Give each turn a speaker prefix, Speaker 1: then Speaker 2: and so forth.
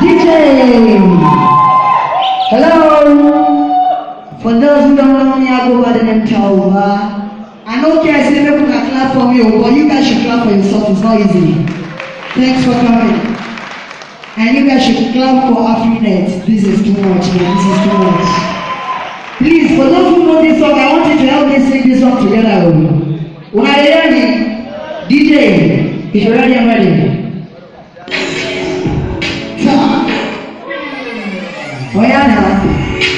Speaker 1: DJ! Hello! For those who don't know me, I go by the name Tauba.
Speaker 2: I know guys, say people can
Speaker 3: clap for me, but you guys should clap for yourself, it's not easy. Thanks for coming. And you guys should clap for AfriNet. This is too much, This is too much.
Speaker 4: Please, for those who know this song, I want you to help me sing this song together. When I hear it, DJ, if you're ready, I'm ready.
Speaker 5: 我要了。